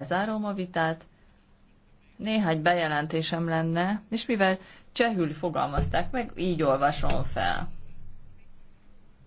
Zárom a vitát. Néhány bejelentésem lenne, és mivel csehül fogalmazták meg, így olvasom fel.